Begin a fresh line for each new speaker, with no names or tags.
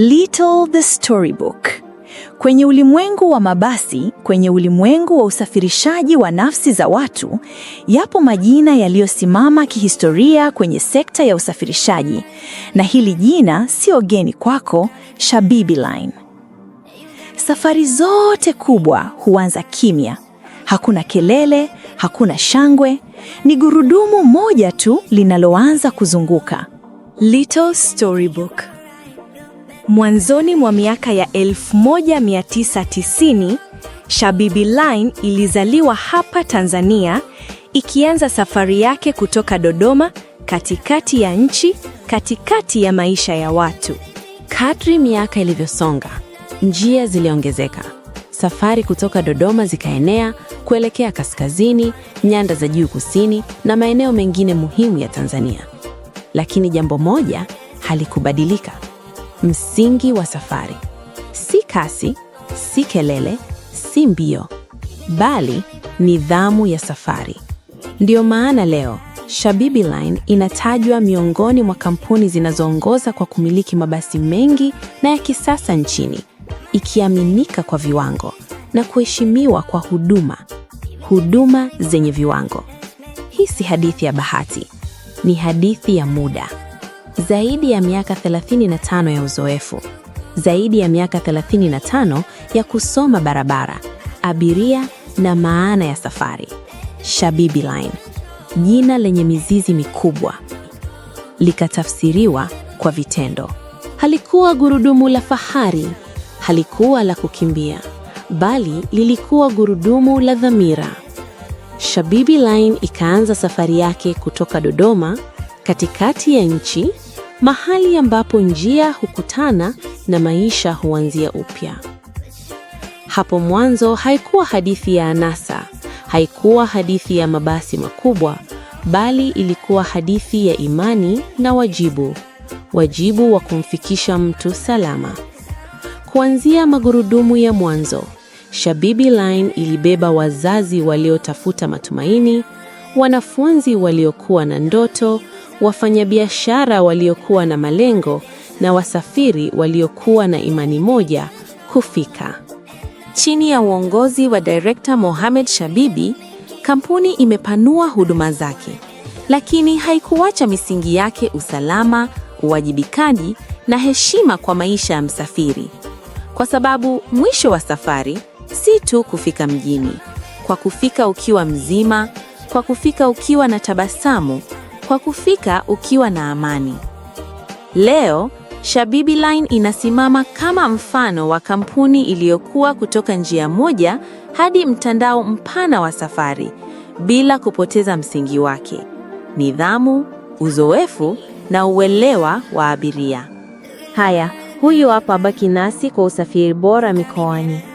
Little the Storybook. Kwenye ulimwengu wa mabasi, kwenye ulimwengu wa usafirishaji wa nafsi za watu, yapo majina yaliyosimama kihistoria kwenye sekta ya usafirishaji, na hili jina sio geni kwako, Shabibi Line. Safari zote kubwa huanza kimya. Hakuna kelele, hakuna shangwe, ni gurudumu moja tu linaloanza kuzunguka. Little Storybook. Mwanzoni mwa miaka ya 1990 Shabibi Line ilizaliwa hapa Tanzania, ikianza safari yake kutoka Dodoma, katikati ya nchi, katikati ya maisha ya watu.
Kadri miaka ilivyosonga, njia ziliongezeka. Safari kutoka Dodoma zikaenea kuelekea kaskazini, nyanda za juu kusini, na maeneo mengine muhimu ya Tanzania. Lakini jambo moja halikubadilika. Msingi wa safari si kasi, si kelele, si mbio, bali nidhamu ya safari. Ndiyo maana leo Shabibi Line inatajwa miongoni mwa kampuni zinazoongoza kwa kumiliki mabasi mengi na ya kisasa nchini, ikiaminika kwa viwango na kuheshimiwa kwa huduma, huduma zenye viwango. Hii si hadithi ya bahati, ni hadithi ya muda zaidi ya miaka 35 ya uzoefu, zaidi ya miaka 35 ya kusoma barabara, abiria na maana ya safari. Shabibi Line, jina lenye mizizi mikubwa, likatafsiriwa kwa vitendo. Halikuwa gurudumu la fahari, halikuwa la kukimbia, bali lilikuwa gurudumu la dhamira. Shabibi Line ikaanza safari yake kutoka Dodoma katikati ya nchi mahali ambapo njia hukutana na maisha huanzia upya. Hapo mwanzo haikuwa hadithi ya anasa, haikuwa hadithi ya mabasi makubwa, bali ilikuwa hadithi ya imani na wajibu, wajibu wa kumfikisha mtu salama. Kuanzia magurudumu ya mwanzo, Shabibi Line ilibeba wazazi waliotafuta matumaini, wanafunzi waliokuwa na ndoto wafanyabiashara waliokuwa na malengo na wasafiri waliokuwa na imani moja kufika. Chini ya uongozi wa Direkta Mohamed Shabibi, kampuni imepanua huduma zake, lakini haikuacha misingi yake: usalama, uwajibikaji na heshima kwa maisha ya msafiri. Kwa sababu mwisho wa safari si tu kufika mjini, kwa kufika ukiwa mzima, kwa kufika ukiwa na tabasamu kwa kufika ukiwa na amani. Leo Shabibi Line inasimama kama mfano wa kampuni iliyokuwa kutoka njia moja hadi mtandao mpana wa safari bila kupoteza msingi wake: nidhamu, uzoefu na uelewa wa abiria. Haya, huyu hapa, baki nasi kwa usafiri bora mikoani.